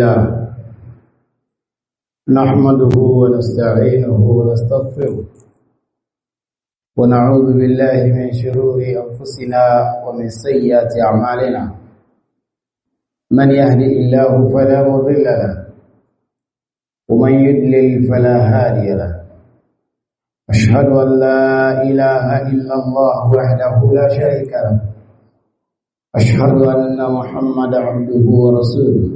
الله نحمده ونستعينه ونستغفره ونعوذ بالله من شرور أنفسنا ومن سيئات أعمالنا من يهدي الله فلا مضل له ومن يدلل فلا هادي له أشهد أن لا إله إلا الله وحده لا شريك له أشهد أن محمدا عبده ورسوله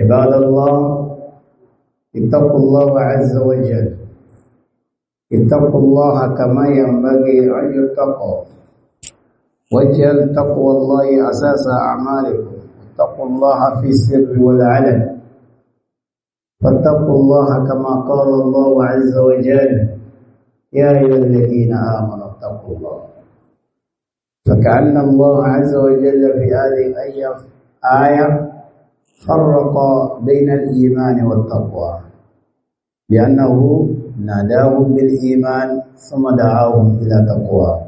عباد الله اتقوا الله عز وجل اتقوا الله كما ينبغي أن يتقوا واجعل تقوى الله أساس أعمالكم اتقوا الله في السر والعلن فاتقوا الله كما قال الله عز وجل يا أيها الذين آمنوا اتقوا الله فكأن الله عز وجل في هذه الآية ايه فرق بين الإيمان والتقوى لأنه ناداهم بالإيمان ثم دعاهم إلى تقوى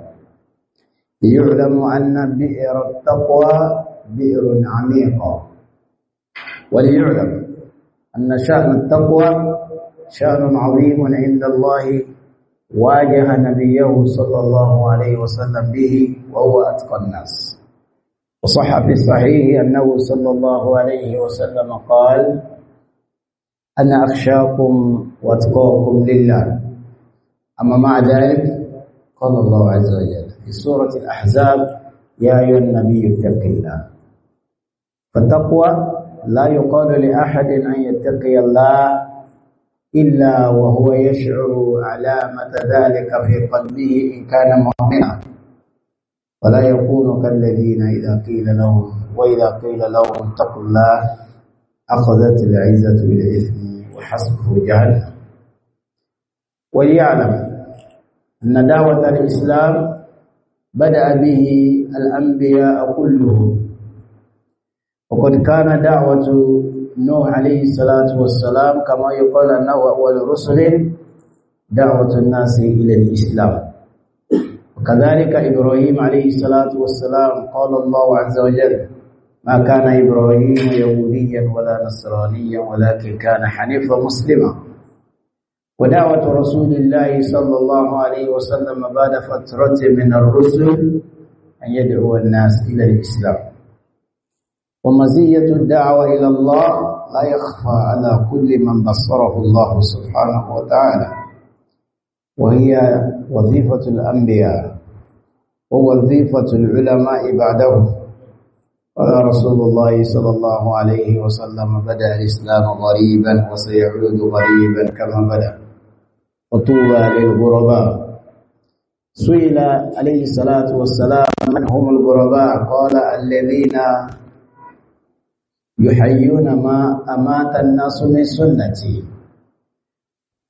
يعلم أن بئر التقوى بئر عميقة وليعلم أن شأن التقوى شأن عظيم عند الله واجه نبيه صلى الله عليه وسلم به وهو أتقى الناس وصح في صحيحه أنه صلى الله عليه وسلم قال أنا أخشاكم وأتقاكم لله أما مع ذلك قال الله عز وجل في سورة الأحزاب يا أيها النبي اتق الله فالتقوى لا يقال لأحد أن يتقي الله إلا وهو يشعر علامة ذلك في قلبه إن كان مؤمنا ولا يكونوا كالذين إذا قيل لهم وإذا قيل لهم اتقوا الله أخذت العزة بالإثم وحسبه جهنم وليعلم أن دعوة الإسلام بدأ به الأنبياء كلهم وقد كان دعوة نوح عليه الصلاة والسلام كما يقال أنه أول رسل دعوة الناس إلى الإسلام كذلك إبراهيم عليه الصلاة والسلام قال الله عز وجل ما كان إبراهيم يهوديا ولا نصرانيا ولكن كان حنيفا مسلما ودعوة رسول الله صلى الله عليه وسلم بعد فترة من الرسل أن يدعو الناس إلى الإسلام ومزية الدعوة إلى الله لا يخفى على كل من بصره الله سبحانه وتعالى وهي وظيفة الأنبياء ووظيفة العلماء بعده قال رسول الله صلى الله عليه وسلم بدأ الإسلام غريبا وسيعود غريبا كما بدأ وطوبى للغرباء سئل عليه الصلاة والسلام من هم الغرباء قال الذين يحيون ما أمات الناس من سنتي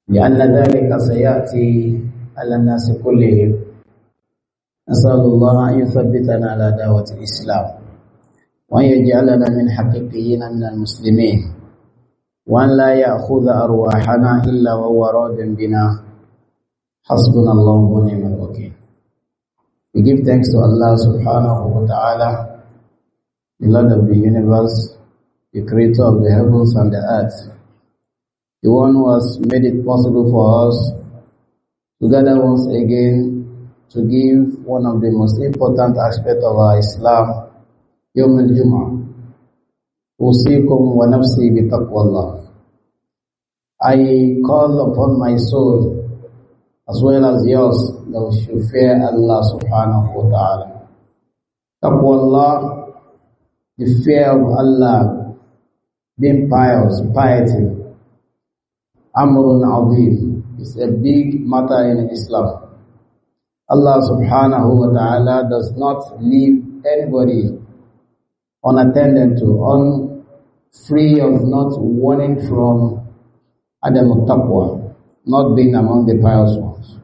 لأن ذلك سيأتي على الناس كلهم نسأل الله أن يثبتنا على دعوة الإسلام وأن يجعلنا من حقيقيين من المسلمين وأن لا يأخذ أرواحنا إلا وهو راض بنا حسبنا الله ونعم الوكيل We give thanks to Allah subhanahu wa ta'ala, the Lord of the universe, the creator of the heavens and the earth, the one who has made it possible for us to gather once again to give one of the most important aspects of our Islam, Yom al-Jum'ah. أوصيكم ونفسي بتقوى Allah. I call upon my soul as well as yours that we should fear Allah subhanahu wa ta'ala. Taqwa Allah, the fear of Allah, being pious, piety. Amrun Azim is a big matter in Islam. Allah subhanahu wa ta'ala does not leave anybody unattended to, un free of not warning from Adam Taqwa, not being among the pious ones.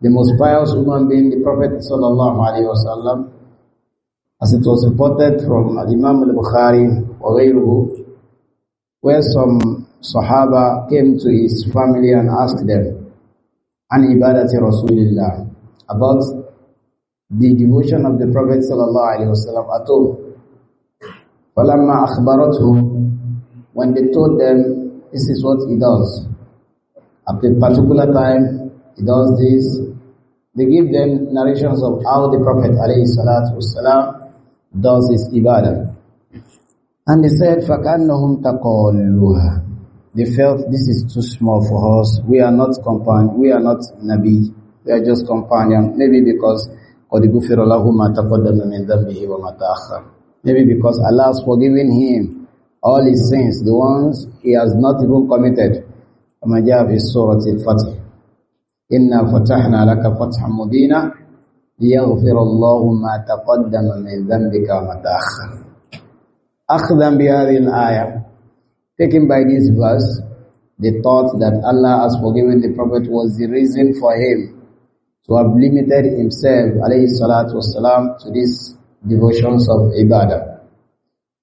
The most pious human being the Prophet sallallahu alaihi wasallam, as it was reported from Imam al-Bukhari or where some Sahaba came to his family and asked them, "An ibadati Rasulillah." about the devotion of the Prophet sallallahu alaihi wasallam at all. فَلَمَّا أَخْبَرَتْهُ When they told them, this is what he does. At a particular time, he does this. They give them narrations of how the Prophet alayhi salatu wasalam does his ibadah. And they said, فَكَأَنَّهُمْ تَقَالُّهَا They felt this is too small for us. We are not compound. We are not Nabi. They are just companions. Maybe because قَدْ غُفِرَ لَهُ مَا تَقَدَّمَ مِنْ ذَنْبِهِ وَمَا تَأَخَّرَ Maybe because Allah has forgiven him all his sins, the ones he has not even committed. Inna fatahna في سورة الفتح إنا فتحنا لك فتحا مبينا ليغفر الله ما تقدم من ذنبك وما تأخر أخذا taken by this verse the thought that Allah has forgiven the Prophet was the reason for him to have limited himself, alayhi salatu wasalam, to these devotions of ibadah.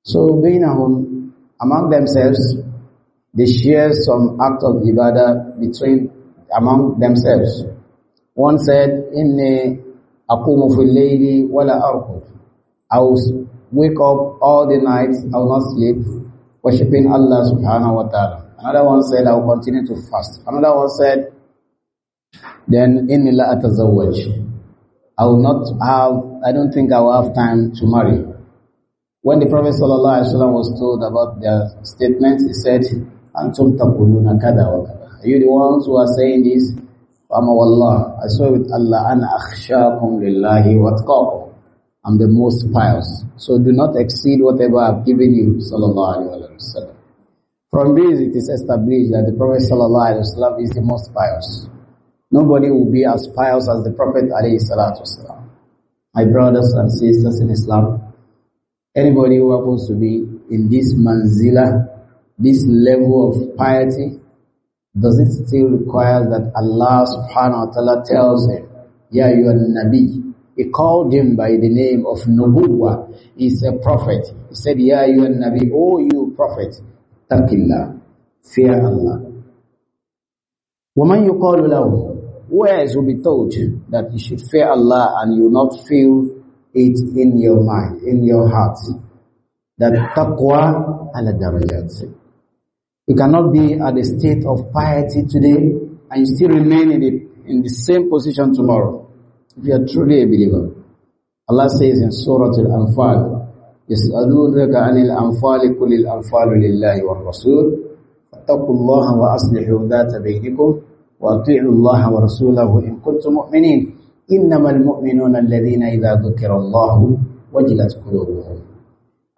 So, bainahum, among themselves, they share some act of ibadah between, among themselves. One said, in akumu fil layli wala arqud. I will wake up all the nights, I will not sleep, worshipping Allah subhanahu wa ta'ala. Another one said, I will continue to fast. Another one said, then in la atazawwaj. I will not have, I don't think I will have time to marry. When the Prophet ﷺ was told about their statement, he said, Antum takuluna kada wa kada. Are you the ones who are saying this? Fama wallah, I swear with Allah, an akhshakum lillahi watqakum. I'm the most pious. So do not exceed whatever I've given you, sallallahu alayhi wa From this, it is established that the Prophet sallallahu alayhi wa is the most pious. Nobody will be as pious as the Prophet wasalam. My brothers and sisters in Islam, anybody who happens to be in this manzila, this level of piety, does it still require that Allah subhanahu wa ta'ala tells him, Ya ayyuhan nabi, he called him by the name of Nubuwa. He's a prophet. He said, Ya ayyuhan nabi, O oh, you prophet, taqillah, fear Allah. وَمَنْ يُقَالُ لَهُ Whereas will be told that you should fear Allah and you not feel it in your mind, in your heart? That taqwa ala darajat. You cannot be at a state of piety today and you still remain in the, in the same position tomorrow. If you are truly a believer. Allah says in Surah Al-Anfal, يسألونك عن الأنفال قل الأنفال لله والرسول فاتقوا الله وأصلحوا ذات بينكم وأطيعوا الله ورسوله إن كنتم مؤمنين إنما المؤمنون الذين إذا ذكر الله وجلت قلوبهم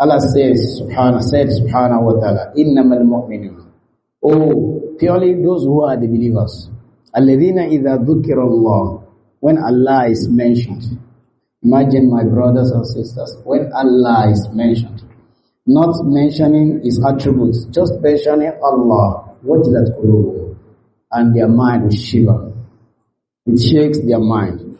الله says سبحانه says سبحانه وتعالى انما المؤمنون mu'minun oh purely those who are the believers alladhina idha dhukira Allah when Allah is mentioned imagine my brothers and sisters when Allah is mentioned not mentioning his attributes just mentioning Allah what is and their mind will shiver. It shakes their mind.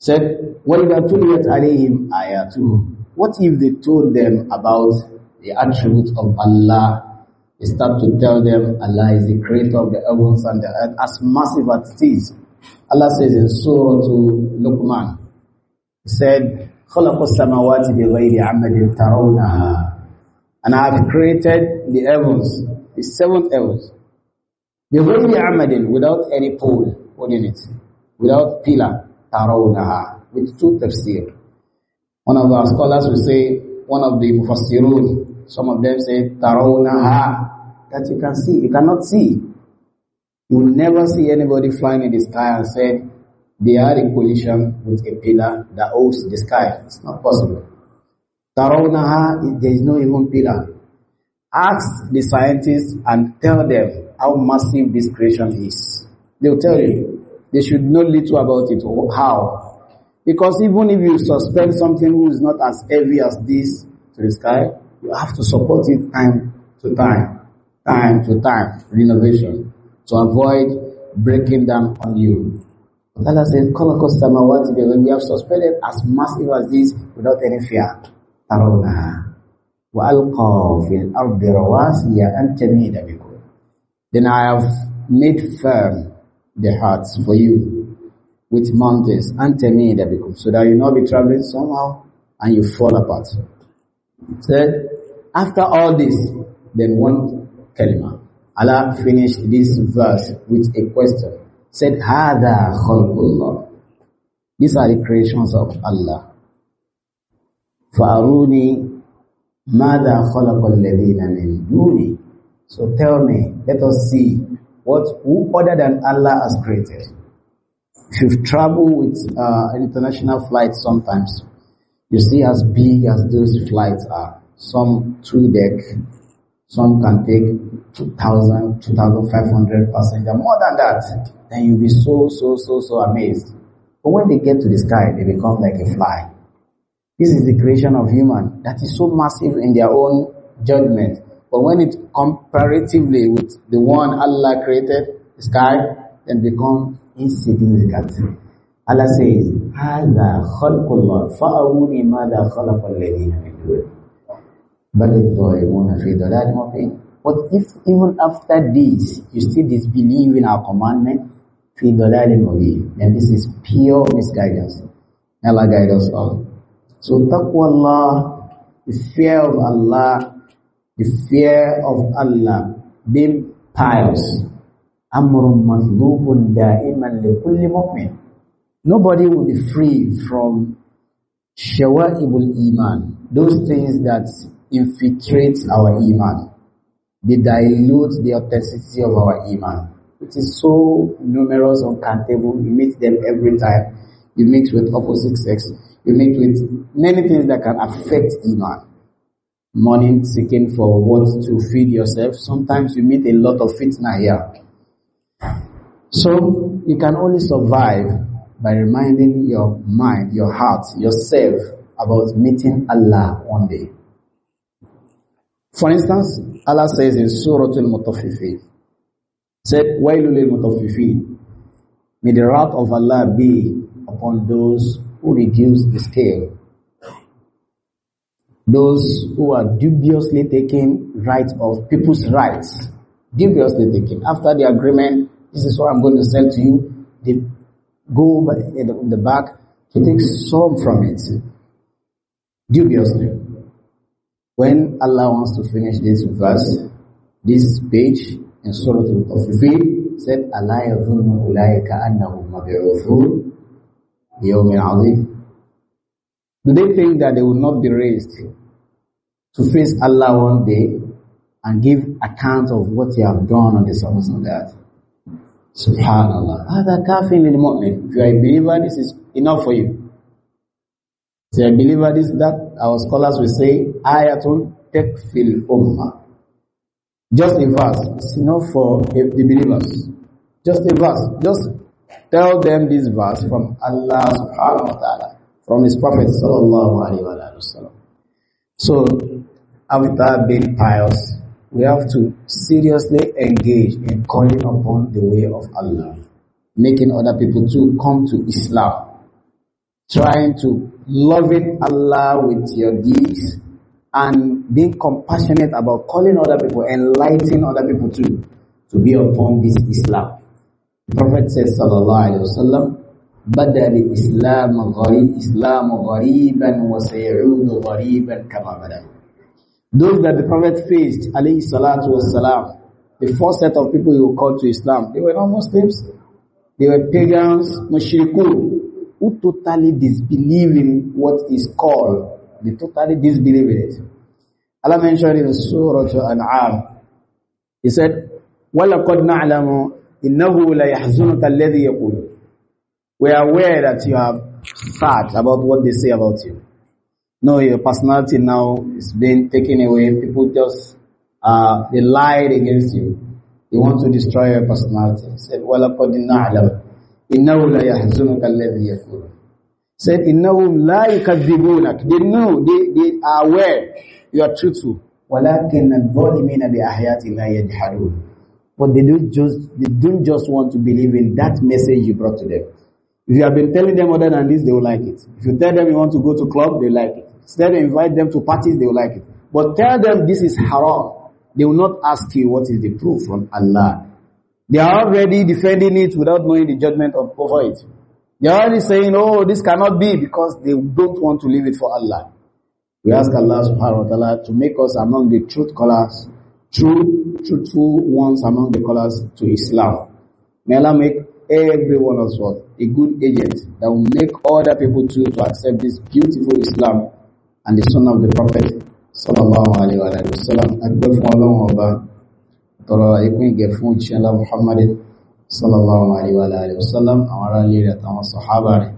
Said, وَإِذَا تُلِيَتْ عَلَيْهِمْ آيَاتُهُ What if they told them about the attributes of Allah? They start to tell them Allah is the creator of the heavens and the earth, as massive as it is. Allah says in Surah to Luqman, He said, خلق بغير عمد ترونها and I have created the heavens, the seventh heavens, بغير amadin without any pole holding it, without pillar, tarawnaha, with two tafsir. One of our scholars will say, one of the mufassirun, some of them say tarawnaha, that you can see, you cannot see. You will never see anybody flying in the sky and say, they are in collision with a pillar that holds the sky. It's not possible. Tarawnaha, there is no even pillar. Ask the scientists and tell them how massive this creation is. They'll tell you. They should know little about it. How? Because even if you suspend something who is not as heavy as this to the sky, you have to support it time to time, time to time, renovation, to avoid breaking down on you. Allah says, we have suspended as massive as this without any fear. وألقى في الأرض رواسي أن تميد بكم Then I have made firm the hearts for you with mountains and termini that become, so that you not be traveling somehow and you fall apart. Said, after all this, then one kalima. Allah finished this verse with a question. Said, Hada khalqullah. These are the creations of Allah. فَأَرُونِي مَاذَا خَلَقَ الَّذِينَ مِنْ دُونِي so tell me, let us see what who other than Allah has created. If you travel with uh, international flights sometimes, you see as big as those flights are. Some two deck, some can take 2,000, 2,500 passenger, more than that. Then you'll be so, so, so, so amazed. But when they get to the sky, they become like a fly. This is the creation of human that is so massive in their own judgment but when it comparatively with the one Allah created, the sky, then become insignificant. Allah says, هَذَا خَلْقُ اللَّهِ فَأَوُونِ مَاذَا خَلَقَ الَّذِينَ مِنْ دُونِ بَلِ الظَّالِمُونَ But if even after this, you still disbelieve in our commandment, فِي ضَلَالٍ مُبِينٍ Then this is pure misguidance. Allah guide us all. So taqwa Allah, the fear of Allah the fear of Allah, being pious. Amrun matlubun da'iman li kulli mu'min. Nobody will be free from shawa'ibul iman, those things that infiltrate our iman. They dilute the authenticity of our iman. It is so numerous, uncountable. You meet them every time. You meet with opposite sex. You meet with many things that can affect iman money seeking for what to feed yourself. Sometimes you meet a lot of fitna here. So you can only survive by reminding your mind, your heart, yourself about meeting Allah one day. For instance, Allah says in Surah al mutafifi said, وَيْلُ mutafifi May the wrath of Allah be upon those who reduce the scale those who are dubiously taking rights of people's rights, dubiously taking. After the agreement, this is what I'm going to sell to you. They go in the back to take some from it, dubiously. When Allah wants to finish this verse, this page in Surah Al-Tawfiq said, "Allah يظن أولئك أنهم مبعوثون يوم do they think that they will not be raised to face Allah one day and give account of what they have done on the surface of the earth? Subhanallah. Other kafin lil mu'min. If you are a believer, this is enough for you. If you are a believer, this that our scholars will say, ayatul takfil ummah. Just a verse. It's enough for the believers. Just a verse. Just tell them this verse from Allah subhanahu wa ta'ala from his Prophet sallallahu alaihi wasallam. So, after being pious, we have to seriously engage in calling upon the way of Allah, making other people to come to Islam, trying to love it Allah with your deeds and being compassionate about calling other people, enlightening other people to to be upon this Islam. The Prophet says, sallallahu alaihi wasallam, بدا الإسلام غريب Islam غريبا وسيعود غريبا كما بدا Those that the Prophet faced, alayhi salatu was salam, the first set of people he called to Islam, they were not Muslims, they were pagans, mushriku who totally disbelieve in what is called. They totally disbelieve in it. Allah mentioned in Surah An'am, He said, وَلَقَدْ نَعْلَمُ إِنَّهُ لَيَحْزُنُكَ الَّذِي يَقُولُ We are aware that you have thought about what they say about you. No, your personality now is being taken away. People just, uh, they lied against you. They want to destroy your personality. He said, وَلَقَدْ نَعْلَمْ إِنَّهُ لَا يَحْزُنُكَ الَّذِي يَقُولُ said, إِنَّهُمْ لَا يُكَذِّبُونَكَ They know, they, they are aware you are truthful. ولكن الظالمين بآيات الله يجحدون but they don't just they don't just want to believe in that message you brought to them. If you have been telling them other than this, they will like it. If you tell them you want to go to club, they like it. Instead, invite them to parties, they will like it. But tell them this is haram. They will not ask you what is the proof from Allah. They are already defending it without knowing the judgment of over it. They are already saying, oh, this cannot be because they don't want to leave it for Allah. We ask Allah subhanahu wa ta'ala to make us among the truth callers, true, truthful ones among the callers to Islam. May Allah make every one of us a good agent that will make other people too to accept this beautiful Islam and the son of the Prophet sallallahu alayhi wa sallam. Adúgbò fún Allah ọba tọrọ ikú ìgẹ̀ fún ìṣẹ́ ńlá Muhammad sallallahu alayhi wa sallam àwọn ará ilé rẹ̀ àtàwọn sọ̀hábà rẹ̀.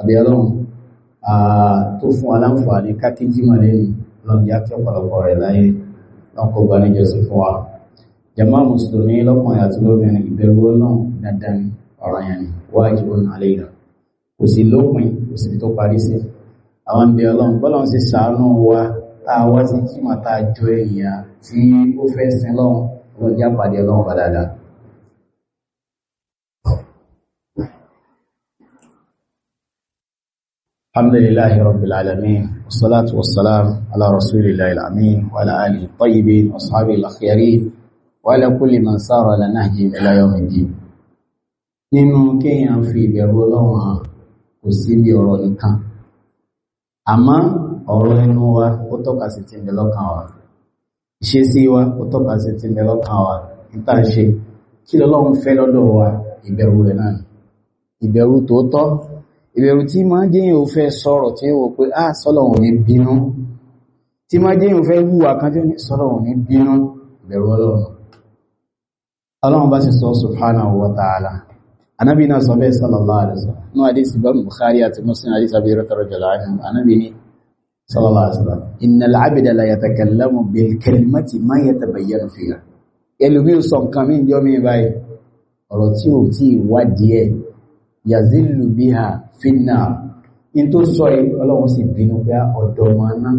Àbí ọlọ́run tó fún aláǹfààní kákéjì mọ̀ lẹ́yìn lọ́n yá kí ọ̀pọ̀lọpọ̀ rẹ̀ láyé lọ́kọ̀ gbaníjọ sí fún wa. Jàmáà Mùsùlùmí lọ́kùnrin àti lóbìnrin ìbẹ̀rù ọlọ́run dandan ni. ọ̀rọ̀ yẹn ni wajibun alayna kò sí lópin kò sí tó parí sí àwọn ibi ọlọ́run bọ́lọ́run sì ṣàánú wa tá sí jìmọ̀ tá a jọ èèyàn tí ó fẹ́ sin lọ́run lọ́run jẹ́ ọlọ́run bá dáadáa الحمد لله رب العالمين والصلاة والسلام على رسول الله الأمين وعلى آله الطيبين وأصحابه الأخيارين وعلى كل من سار على نهجه إلى يوم الدين nínú kéèyàn fi ìbẹ̀rù ọlọ́run hàn kò sí ibi ọ̀rọ̀ nìkan àmọ́ ọ̀rọ̀ ẹnu wa ó tọ́ka sí ti ń bẹ wa ìṣesí wa ó tọ́ka sí ti ń bẹ wa níta ṣe kí lọ́lọ́run fẹ́ lọ́dọ̀ wa ìbẹ̀rù rẹ̀ náà ìbẹ̀rù tí máa fẹ́ sọ̀rọ̀ tí pé á ní bínú tí máa fẹ́ wùwà kan tí ó ní ní bínú ìbẹ̀rù ọlọ́run ọlọ́run bá sọ subhanahu wa anabi náà sọ bẹ́ẹ̀ sallallahu alaihi wasallam ní hadisi bá bukhari àti muslim hadisi abi radiyallahu anhu anabi ní sallallahu alaihi wasallam innal abda la yatakallamu bil kalimati ma yatabayyanu fiha ẹlòmí sọ nǹkan mi jọ mi báyìí ọ̀rọ̀ tí ò tí ìwádìí ẹ̀ yazilu biha finna in tó sọ ẹ ọlọ́run sì bínú pé ọ̀dọ̀ máa ná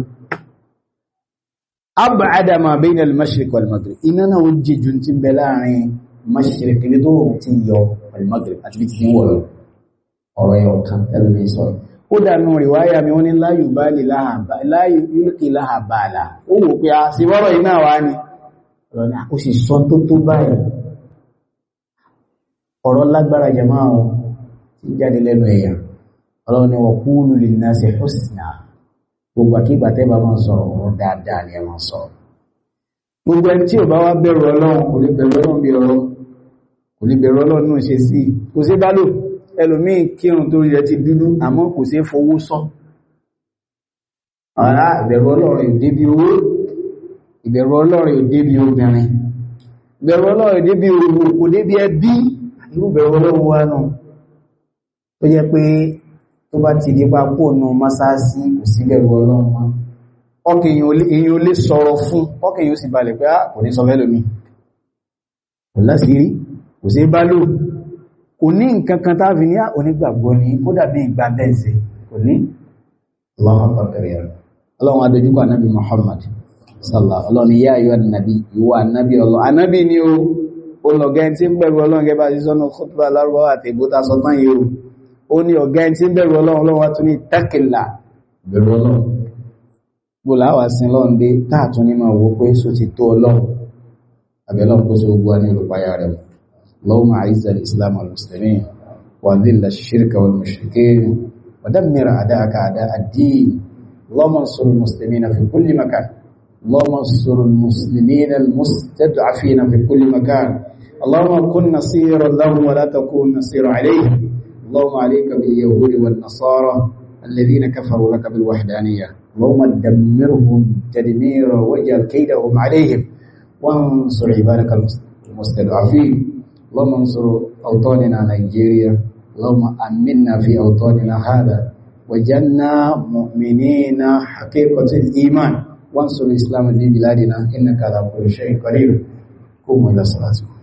ab'ada ma bayna al-mashriq wal maghrib iná náà ó jẹ́ ju ti mashriq ní tó ti almagrib àti bí ti fi wọ̀ lọ ọ̀rọ̀ yẹn ọ̀kan ẹlùmí sọ ó dànù rìwáyà mi wọ́n ní láyù bá lè láàbàlá ó wò pé a ah, sì rọ́rọ̀ iná wá ní ọ̀rọ̀ ó sì sọ tó tó báyìí ọ̀rọ̀ lágbára jàmáà ọ̀ ti jáde lẹ́nu èèyàn ọlọ́run ni wọ́n kúlù lè náà sí husna gbogbo àkígbà tẹ́bà máa sọ̀rọ̀ ọ̀rọ̀ dáadáa ni ẹ máa sọ̀rọ̀ gbogbo ẹni tí ò bá wá bẹ̀rù ọlọ́run kò lè bẹ̀rù kò lè bẹ̀rọ ọlọ́nà ṣe sí kò sí bálò ẹlòmí kírun tó rẹ̀ ti dúdú àmọ́ kò sí fowó sọ ara ìbẹ̀rù ọlọ́run ò débi owó ìbẹ̀rù ọlọ́run ò débi obìnrin ìbẹ̀rù ọlọ́run ò débi owó kò débi ẹbí irú ìbẹ̀rù ọlọ́run wá nù tó jẹ́ pé tó bá ti di papò nù mọ́sáàsì kò sí bẹ̀rù ọlọ́run kò sí bá lò kò ní nǹkan kan táàfi ní onígbàgbọ́ ní kó dàbí ìgbà kò ní ọlọ́run adójúkọ anábì Muhammad sallallahu ọlọ́run yá yọ anábì ìwọ anábì ọlọ́run anábì ni ó olọ̀gẹ́ tí ń bẹ̀rù ọlọ́run gẹ́bà sí sọ́nà kọ́tùbà lárúbọ́ àti ìbúta sọ́tán yìí ó ó ní ọ̀gẹ́ tí ń bẹ̀rù ọlọ́run lọ́wọ́ tún ní tẹ́kìlà bẹ̀rù ọlọ́run gbòlá wà táàtún ní máa pé só ti tó ọlọ́run àbẹ̀lọ́run sí gbogbo ní olùpayà rẹ̀ اللهم اعز الاسلام والمسلمين وأذل الشرك والمشركين ودمر اعداءك اعداء الدين اللهم انصر المسلمين في كل مكان اللهم انصر المسلمين المستضعفين في كل مكان اللهم كن نصيرا لهم ولا تكون نصيرا عليهم اللهم عليك باليهود والنصارى الذين كفروا لك بالوحدانية اللهم دمرهم تدميرا وجل كيدهم عليهم وانصر عبادك المستضعفين اللهم انصر أوطاننا نيجيريا اللهم أمنا في أوطاننا هذا وجنا مؤمنين حقيقة الإيمان وانصر الإسلام في بلادنا إنك على كل شيء قريب قوموا إلى صلاتكم